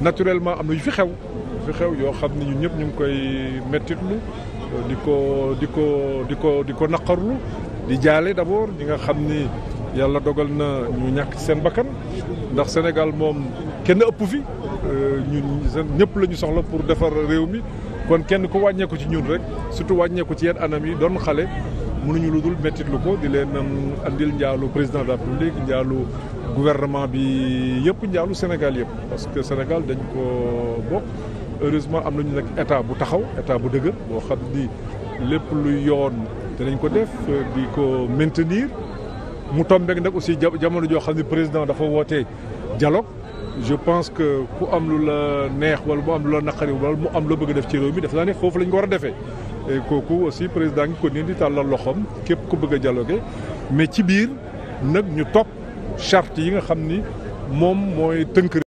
naturellement am na yu fi xew xew yoo xam ne ñun ñëpp ñu ngi koy mettitlu di ko di ko di ko di ko naqarlu di jaale d'abord ñi nga xam ni yàlla dogal na ñu ñàkk ci seen bakkan ndax Sénégal moom kenn ëpp fi euh, ñun ñëpp la ñu soxla pour defar réew mi kon kenn ku wàññeeku ci ñun rek surtout wàññeeku ci yenn anam yi doon xale mënuñu lu dul mettitlu ko di leen um, andil njaalu président de la République njaalu gouvernement bi yëpp njaalu Sénégal yëpp parce que Sénégal dañ ko bokk heureusement am nañu nag état bu taxaw état bu dëgër boo xam ni lépp luy yoon dinañ ko def di ko maintenir mu tombeek nag aussi jamono joo xam ne président dafa woote dialogue je pense que ku am lu la neex wala mu am lu la naqari wala mu am loo bëgg def ci réew mi def naa ne foofu la ñu ko war a defee et kooku aussi président ngi ko nii di tàllal loxoom képp ku bëgg a dialogué mais ci biir nag ñu topp charte yi nga xam ni moom mooy tënk